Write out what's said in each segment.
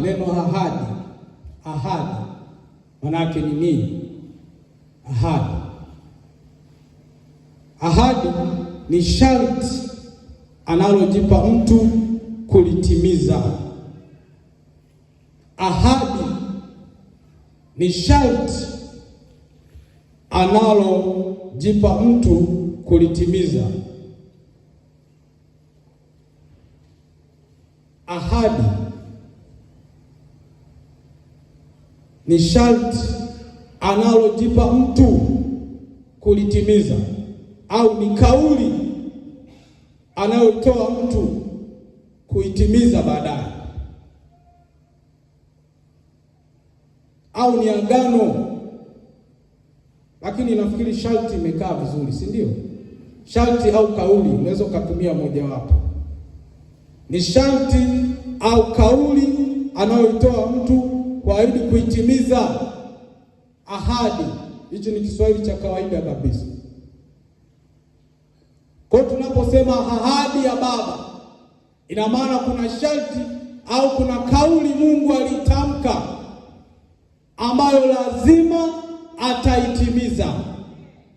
neno ahadi, ahadi manake ni nini? Ahadi, ahadi ni sharti analojipa mtu kulitimiza. Ahadi ni sharti analojipa mtu kulitimiza. Ahadi ni sharti analojipa mtu kulitimiza, au ni kauli anayotoa mtu kuitimiza baadaye, au ni agano. Lakini nafikiri sharti imekaa vizuri, si ndio? Sharti au kauli, unaweza ukatumia mojawapo. Ni sharti au kauli anayoitoa mtu kuahidi kuitimiza ahadi. Hichi ni Kiswahili cha kawaida kabisa. Kwa tunaposema ahadi ya Baba, ina maana kuna sharti au kuna kauli Mungu alitamka ambayo lazima ataitimiza.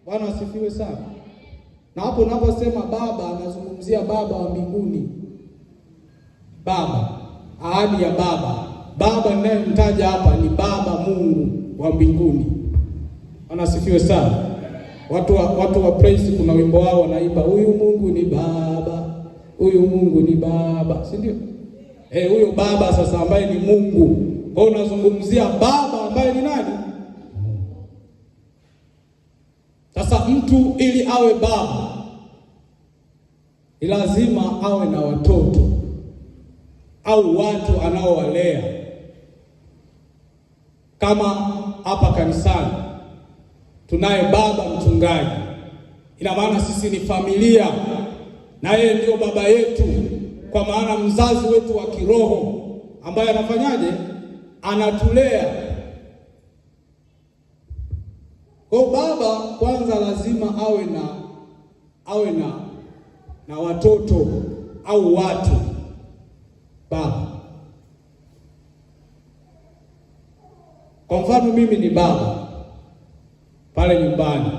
Bwana asifiwe sana. Na hapo unaposema Baba, anazungumzia Baba wa mbinguni, Baba, ahadi ya Baba Baba ninayemtaja hapa ni Baba Mungu wa mbinguni. Anasifiwe sana. Watu wa, watu wa praise kuna wimbo wao wanaimba, huyu Mungu ni baba, huyu Mungu ni baba, si ndio? Eh, huyo baba sasa ambaye ni Mungu. Kwa hiyo unazungumzia baba ambaye ni nani? Sasa mtu ili awe baba ni lazima awe na watoto au watu anaowalea kama hapa kanisani tunaye baba mchungaji, ina maana sisi ni familia na yeye ndio baba yetu, kwa maana mzazi wetu wa kiroho ambaye anafanyaje? Anatulea. Kwa baba kwanza lazima awe na awe na na watoto au watu baba Kwa mfano mimi ni baba pale nyumbani,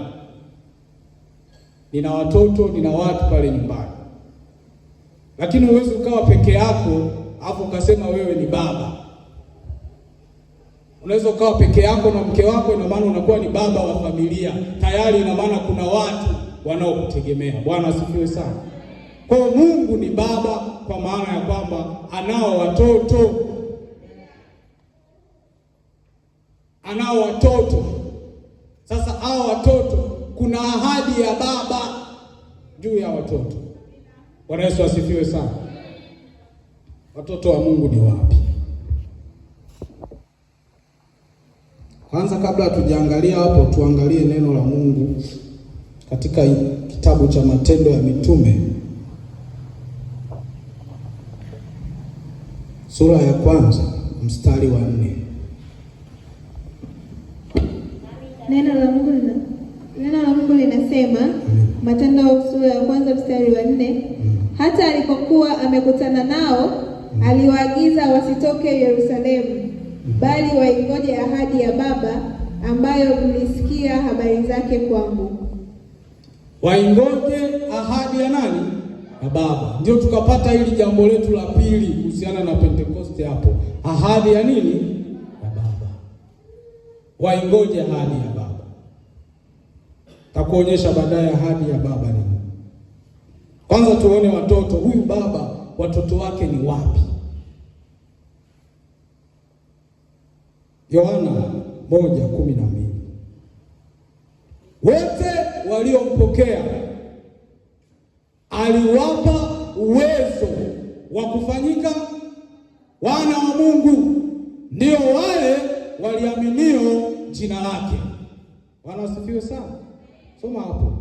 nina watoto, nina watu pale nyumbani, lakini huwezi ukawa peke yako hapo ukasema wewe ni baba. Unaweza ukawa peke yako na mke wako, ina maana unakuwa ni baba wa familia tayari, ina maana kuna watu wanaokutegemea. Bwana asifiwe sana. Kwa Mungu ni baba, kwa maana ya kwamba anao watoto anao watoto. Sasa hao watoto, kuna ahadi ya baba juu ya watoto. Bwana Yesu asifiwe sana. Watoto wa Mungu ni wapi? Kwanza kabla hatujaangalia hapo, tuangalie neno la Mungu katika kitabu cha Matendo ya Mitume sura ya kwanza mstari wa nne. Neno la Mungu lina neno la Mungu linasema mm. Matendo sura ya kwanza mstari wa nne mm. hata alipokuwa amekutana nao mm. aliwaagiza wasitoke Yerusalemu, bali waingoje ahadi ya Baba ambayo mlisikia habari zake kwangu. Waingoje ahadi ya nani? Ya Baba. Ndio tukapata hili jambo letu la pili kuhusiana na Pentekoste hapo, ahadi ya nini? Ya Baba. Waingoje ahadi ya Takuonyesha baadaye ahadi ya baba ni. Kwanza tuone watoto, huyu baba watoto wake ni wapi? Yohana moja kumi na mbili wote waliompokea aliwapa uwezo wa kufanyika wana wa Mungu, ndio wale waliaminio jina lake. Wanasifiwe sana. Soma hapo.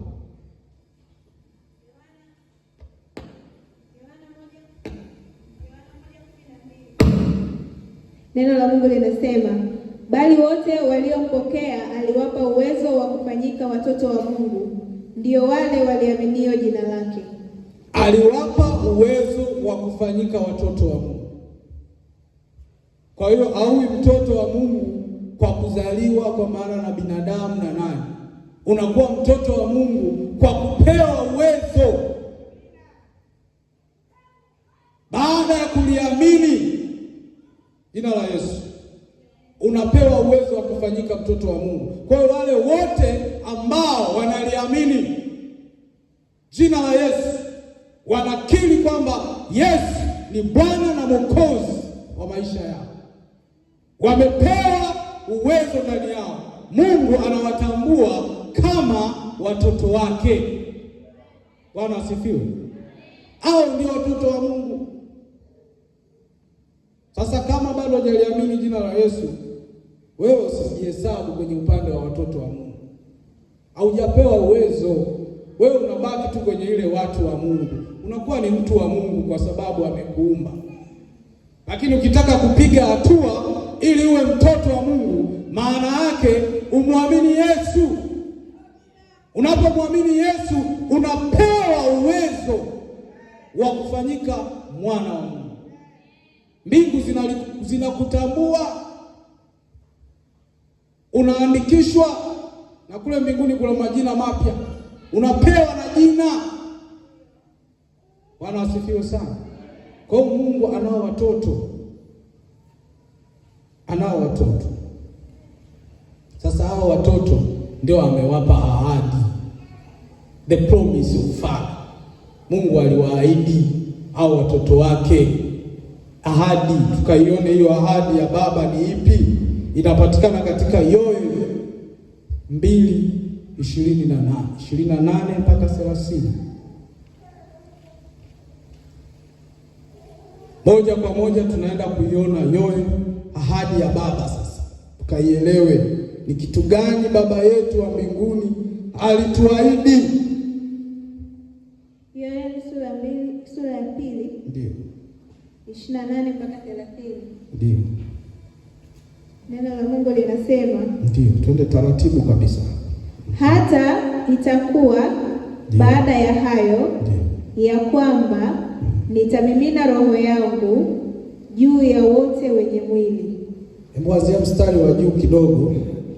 Neno la Mungu linasema, bali wote waliompokea aliwapa uwezo wa kufanyika watoto wa Mungu, ndio wale waliaminio jina lake. Aliwapa uwezo wa kufanyika watoto wa Mungu. Kwa hiyo aui mtoto wa Mungu kwa kuzaliwa kwa maana na binadamu na nani unakuwa mtoto wa Mungu kwa kupewa uwezo baada ya kuliamini jina la Yesu, unapewa uwezo wa kufanyika mtoto wa Mungu. Kwa hiyo wale wote ambao wanaliamini jina la Yesu wanakiri kwamba Yesu ni Bwana na Mwokozi wa maisha yao, wamepewa uwezo ndani yao. Mungu anawatambua kama watoto wake. Bwana asifiwe. Hao ndio watoto wa Mungu. Sasa kama bado hajaliamini jina la Yesu, wewe usijihesabu kwenye upande wa watoto wa Mungu, haujapewa uwezo. Wewe unabaki tu kwenye ile watu wa Mungu, unakuwa ni mtu wa Mungu kwa sababu amekuumba. Lakini ukitaka kupiga hatua ili uwe mtoto wa Mungu, maana yake umwamini Yesu. Unapomwamini Yesu unapewa uwezo wa kufanyika mwana wa Mungu. Mbingu zinakutambua, zina unaandikishwa, na kule mbinguni kuna majina mapya, unapewa na jina. Bwana asifiwe sana. Kwa hiyo Mungu anao watoto, anao watoto. Sasa hao watoto ndio amewapa the promise of Father. Mungu aliwaahidi hao watoto wake ahadi, tukaione hiyo ahadi ya baba ni ipi? Inapatikana katika Yoeli mbili ishirini na nane ishirini na nane mpaka thelathini moja kwa moja tunaenda kuiona Yoeli, ahadi ya baba. Sasa tukaielewe ni kitu gani baba yetu wa mbinguni alituahidi. ishirini na nane mpaka thelathini. Ndio neno la Mungu linasema. Ndio, twende taratibu kabisa. Hata itakuwa Ndiyo. baada ya hayo Ndiyo. ya kwamba mm. nitamimina roho yangu juu ya wote wenye mwili. Hebu wazia mstari wa juu kidogo,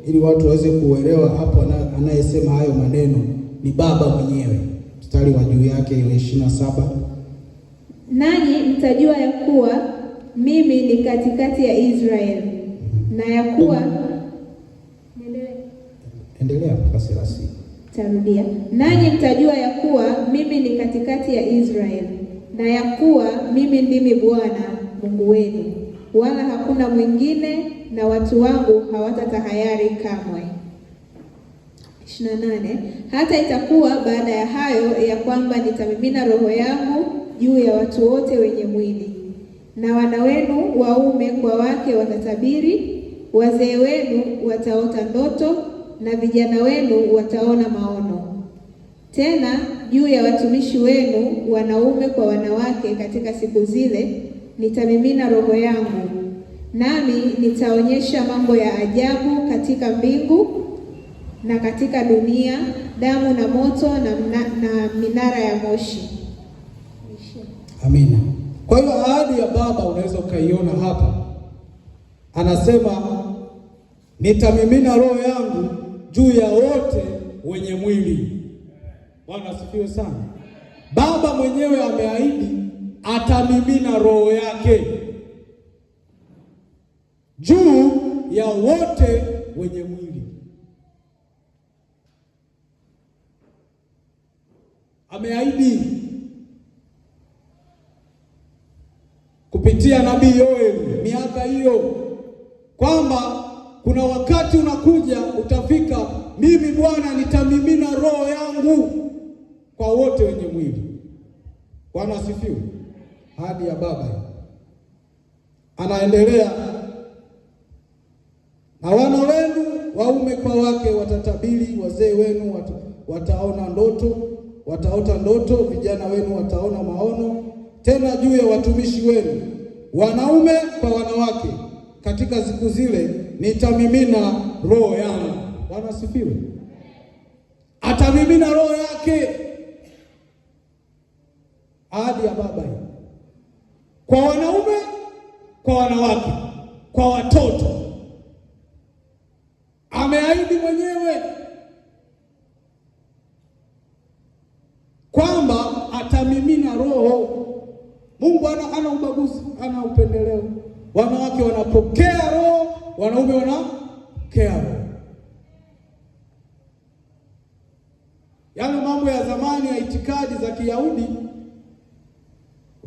ili watu waweze kuelewa hapo. Anayesema hayo maneno ni Baba mwenyewe, mstari wa juu yake ile ishirini na saba nanyi mtajua ya kuwa mimi ni katikati ya Israel na ya kuwa endelea mpaka thelathini. Tarudia, nanyi mtajua ya kuwa mimi ni katikati ya israel na ya kuwa mimi ndimi Bwana Mungu wenu, wala hakuna mwingine, na watu wangu hawatatahayari kamwe. 28. Hata itakuwa baada ya hayo ya kwamba nitamimina roho yangu juu ya watu wote wenye mwili. Na wana wenu waume kwa wake watatabiri, wazee wenu wataota ndoto, na vijana wenu wataona maono. Tena juu ya watumishi wenu wanaume kwa wanawake katika siku zile nitamimina Roho yangu, nami nitaonyesha mambo ya ajabu katika mbingu na katika dunia, damu na moto na, na, na minara ya moshi. Amina. Kwa hiyo ahadi ya Baba unaweza ukaiona hapa, anasema nitamimina roho yangu juu ya wote wenye mwili. Bwana asifiwe sana. Baba mwenyewe ameahidi atamimina roho yake juu ya wote wenye mwili. Ameahidi kupitia nabii Yoeli miaka hiyo, kwamba kuna wakati unakuja utafika, mimi Bwana nitamimina roho yangu kwa wote wenye mwili. Bwana asifiwe. Hadi ya baba anaendelea na wana wenu waume kwa wake watatabiri, wazee wenu wataona ndoto, wataota ndoto, vijana wenu wataona maono tena juu ya watumishi wenu wanaume kwa wanawake katika siku zile nitamimina roho yangu. Bwana asifiwe. Atamimina roho yake, ahadi ya Baba hii, kwa wanaume kwa wanawake, kwa watoto, ameahidi mwenyewe. Mungu ana hana ubaguzi, hana upendeleo. Wanawake wanapokea roho, wanaume wanapokea roho. Yale mambo ya zamani ya itikadi za Kiyahudi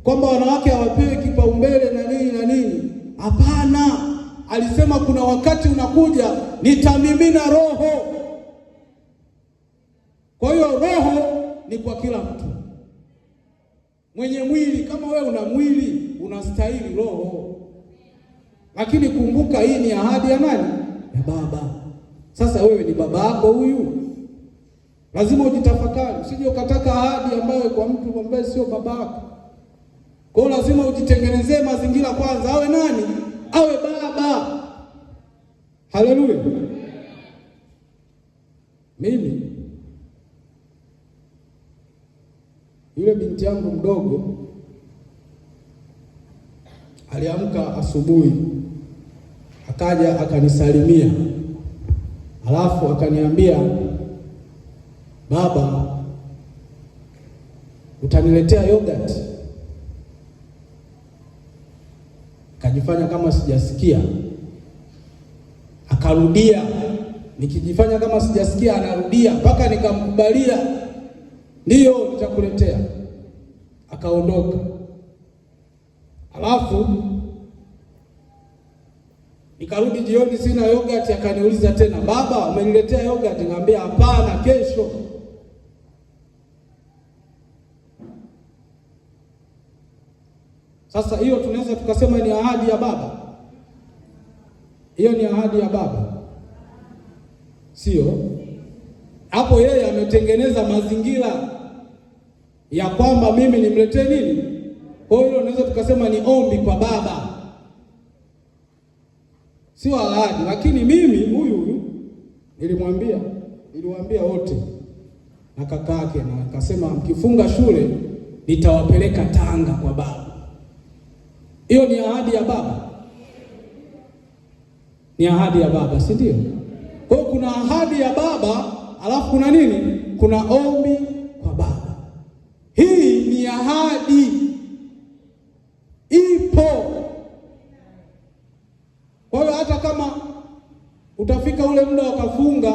kwamba wanawake hawapewi kipaumbele na nini na nini, hapana. Alisema kuna wakati unakuja nitamimina roho. Kwa hiyo roho ni kwa kila mtu mwenye mwili. Kama wewe una mwili, unastahili roho, lakini kumbuka, hii ni ahadi ya nani? Ya Baba. Sasa wewe ni baba yako huyu, lazima ujitafakari, usije ukataka ahadi ambayo kwa mtu ambaye sio baba yako. Kwa hiyo lazima ujitengenezee mazingira kwanza, awe nani? Awe baba. Haleluya. Mimi Yule binti yangu mdogo aliamka asubuhi, akaja akanisalimia, alafu akaniambia, baba, utaniletea yogurt? Kajifanya kama sijasikia, akarudia, nikijifanya kama sijasikia, anarudia mpaka nikamkubalia, ndiyo nitakuletea akaondoka. Halafu nikarudi jioni, sina yogurt, Akaniuliza tena, baba, umeniletea yogurt? Nikamwambia hapana, kesho. Sasa hiyo tunaweza tukasema ni ahadi ya baba, hiyo ni ahadi ya baba, sio? Hapo yeye ametengeneza mazingira ya kwamba mimi nimletee nini. Kwa hiyo unaweza tukasema ni ombi kwa baba, sio ahadi, lakini mimi huyu huyu nilimwambia, niliwaambia wote na kaka yake, na akasema mkifunga shule nitawapeleka Tanga kwa baba. Hiyo ni ahadi ya baba, ni ahadi ya baba, si ndio? Kwa hiyo kuna ahadi ya baba, alafu kuna nini? Kuna ombi hii ni ahadi ipo. Kwa hiyo hata kama utafika ule muda wakafunga,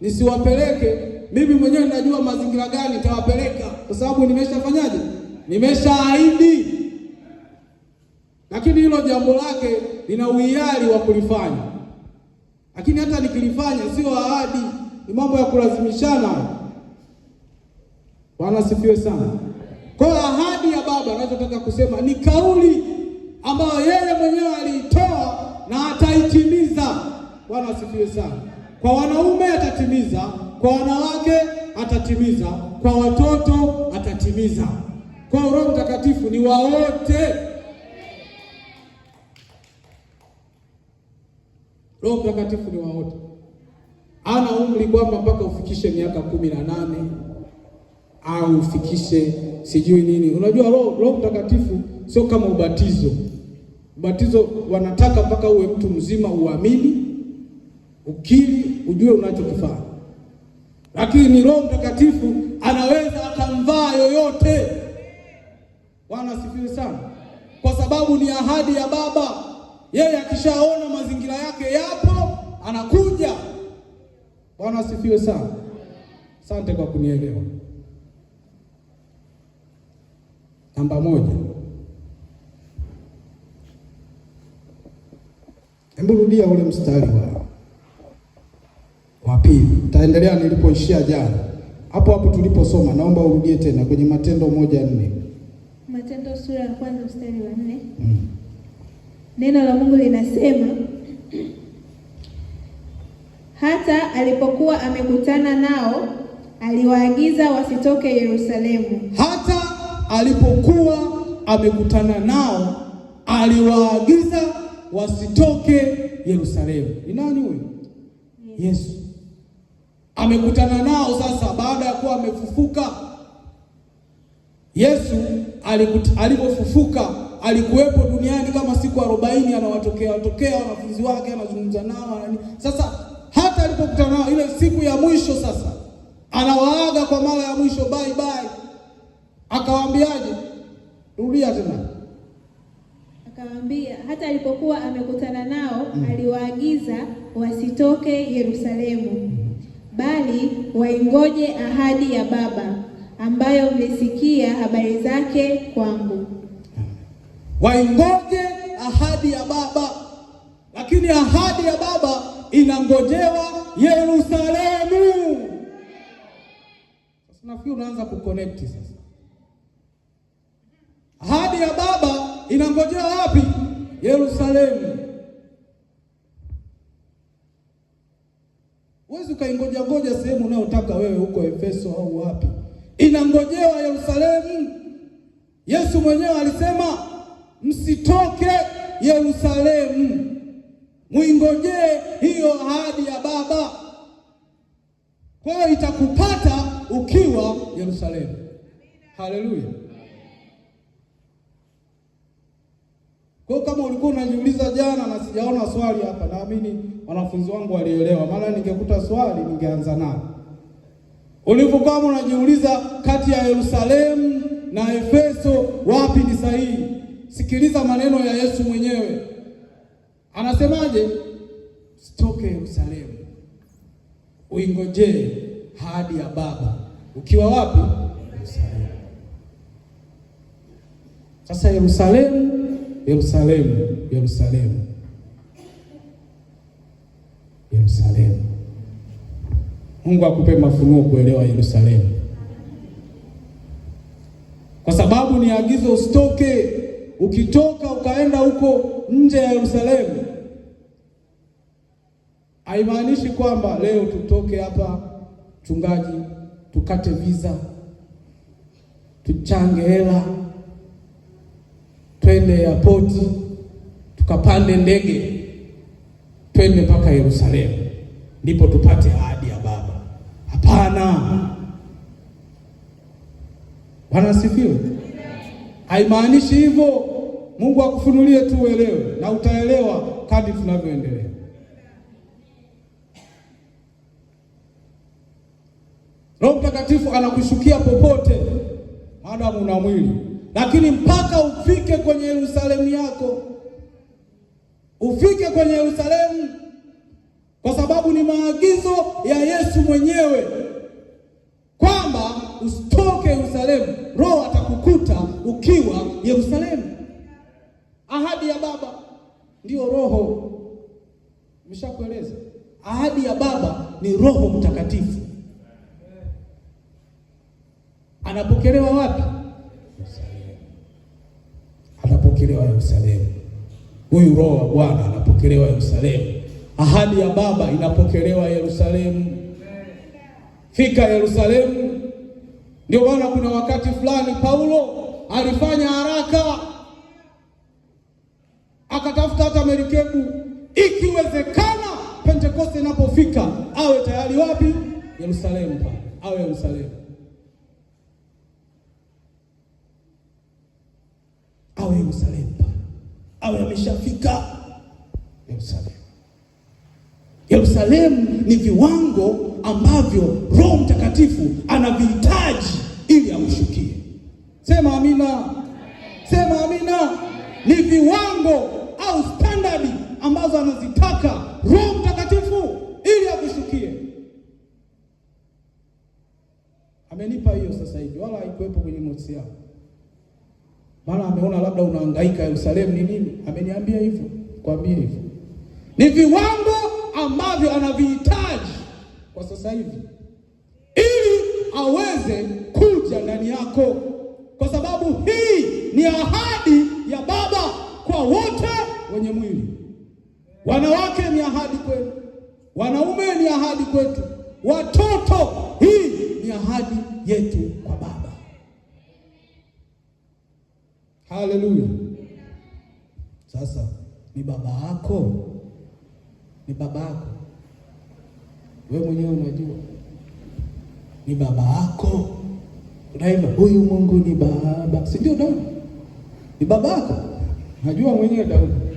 nisiwapeleke mimi mwenyewe, ninajua mazingira gani nitawapeleka, kwa sababu nimeshafanyaje, nimeshaahidi. Lakini hilo jambo lake lina uhiari wa kulifanya, lakini hata nikilifanya, sio ahadi, ni mambo ya kulazimishana. Bwana asifiwe sana. Kwa hiyo ahadi ya Baba anachotaka kusema ni kauli ambayo yeye mwenyewe aliitoa na ataitimiza. Bwana asifiwe sana. Kwa wanaume atatimiza, kwa wanawake atatimiza, kwa watoto atatimiza. Kwa hiyo Roho Mtakatifu ni wa wote. Roho Mtakatifu ni wa wote, ana umri kwamba mpaka ufikishe miaka kumi na nane au ufikishe sijui nini. Unajua Roho Mtakatifu sio kama ubatizo. Ubatizo wanataka mpaka uwe mtu mzima, uamini, ukiri, ujue unachokifanya, lakini Roho Mtakatifu anaweza akamvaa yoyote. Bwana asifiwe sana, kwa sababu ni ahadi ya Baba. Yeye akishaona mazingira yake yapo, anakuja. Bwana asifiwe sana. Asante kwa kunielewa namba moja. Hebu rudia ule mstari wa wa pili, taendelea nilipoishia jana, hapo hapo tuliposoma. Naomba urudie tena kwenye Matendo moja nne. Matendo sura ya kwanza mstari wa nne. Mm. Neno la Mungu linasema hata alipokuwa amekutana nao aliwaagiza wasitoke Yerusalemu hata alipokuwa amekutana nao aliwaagiza wasitoke Yerusalemu. Ni nani huyo? Yesu amekutana nao sasa, baada ya kuwa amefufuka. Yesu alipofufuka alikuwepo duniani kama siku arobaini, anawatokea watokea wanafunzi wake, anazungumza nao. Sasa hata alipokutana nao ile siku ya mwisho, sasa anawaaga kwa mara ya mwisho, bye bye. Akawaambiaje? Rudia tena. Akawaambia hata alipokuwa amekutana nao mm. aliwaagiza wasitoke Yerusalemu, bali waingoje ahadi ya Baba ambayo mlisikia habari zake kwangu. Waingoje ahadi ya Baba, lakini ahadi ya Baba inangojewa Yerusalemu. Sasa nafikiri unaanza kuconnect sasa tulikojea wapi? Yerusalemu. Huwezi ukaingoja ngoja sehemu unayotaka wewe huko Efeso au wapi, inangojewa Yerusalemu. Yesu mwenyewe alisema msitoke Yerusalemu, mwingojee hiyo ahadi ya Baba. Kwa hiyo itakupata ukiwa Yerusalemu. Haleluya! Kwa hiyo kama ulikuwa unajiuliza jana na sijaona swali hapa, naamini wanafunzi wangu walielewa, maana ningekuta swali ningeanza nalo. Ulipokuwa unajiuliza kati ya Yerusalemu na Efeso wapi ni sahihi, sikiliza maneno ya Yesu mwenyewe anasemaje? Sitoke Yerusalemu, uingojee hadi ya Baba ukiwa wapi? Yerusalemu. Sasa Yerusalemu Yerusalemu, Yerusalemu, Yerusalemu. Mungu akupe mafunuo kuelewa Yerusalemu, kwa sababu ni agizo usitoke. Ukitoka ukaenda huko nje ya Yerusalemu, haimaanishi kwamba leo tutoke hapa, mchungaji, tukate visa, tuchange hela twende airport tukapande ndege twende mpaka Yerusalemu ndipo tupate ahadi ya Baba. Hapana, Bwana asifiwe. Haimaanishi hivyo. Mungu akufunulie tu uelewe, na utaelewa kadri tunavyoendelea. Roho Mtakatifu anakushukia popote maadamu una mwili lakini mpaka ufike kwenye Yerusalemu yako, ufike kwenye Yerusalemu, kwa sababu ni maagizo ya Yesu mwenyewe kwamba usitoke Yerusalemu, Roho atakukuta ukiwa Yerusalemu. Ahadi ya Baba ndiyo Roho, nimeshakueleza. Ahadi ya Baba ni Roho Mtakatifu. Anapokelewa wapi? anapokelewa Yerusalemu. Huyu roho wa Bwana anapokelewa Yerusalemu. Ahadi ya Baba inapokelewa Yerusalemu. Fika Yerusalemu. Ndio maana kuna wakati fulani Paulo alifanya haraka akatafuta hata merikebu, ikiwezekana Pentekoste inapofika awe tayari wapi? Yerusalemu, pale awe Yerusalemu. Yerusalemu, awe ameshafika Yerusalemu. Yerusalemu ni viwango ambavyo Roho Mtakatifu anavihitaji ili amshukie. Sema amina, sema amina. Ni viwango au standardi ambazo anazitaka Roho Mtakatifu ili akushukie. Amenipa hiyo sasa hivi, wala haikuwepo kwenye mosi yako. Maana ameona labda unahangaika Yerusalemu ni nini, ameniambia hivyo, kwambie hivyo ni viwango ambavyo anavihitaji kwa sasa hivi ili aweze kuja ndani yako, kwa sababu hii ni ahadi ya Baba kwa wote wenye mwili. Wanawake ni ahadi kwenu, wanaume ni ahadi kwetu, watoto, hii ni ahadi yetu kwa Baba. Haleluya! Sasa ni baba yako, ni baba yako wewe mwenyewe unajua, ni baba yako. Unaimba huyu Mungu ni baba, si ndio? Daudi ni baba yako, najua mwenyewe Daudi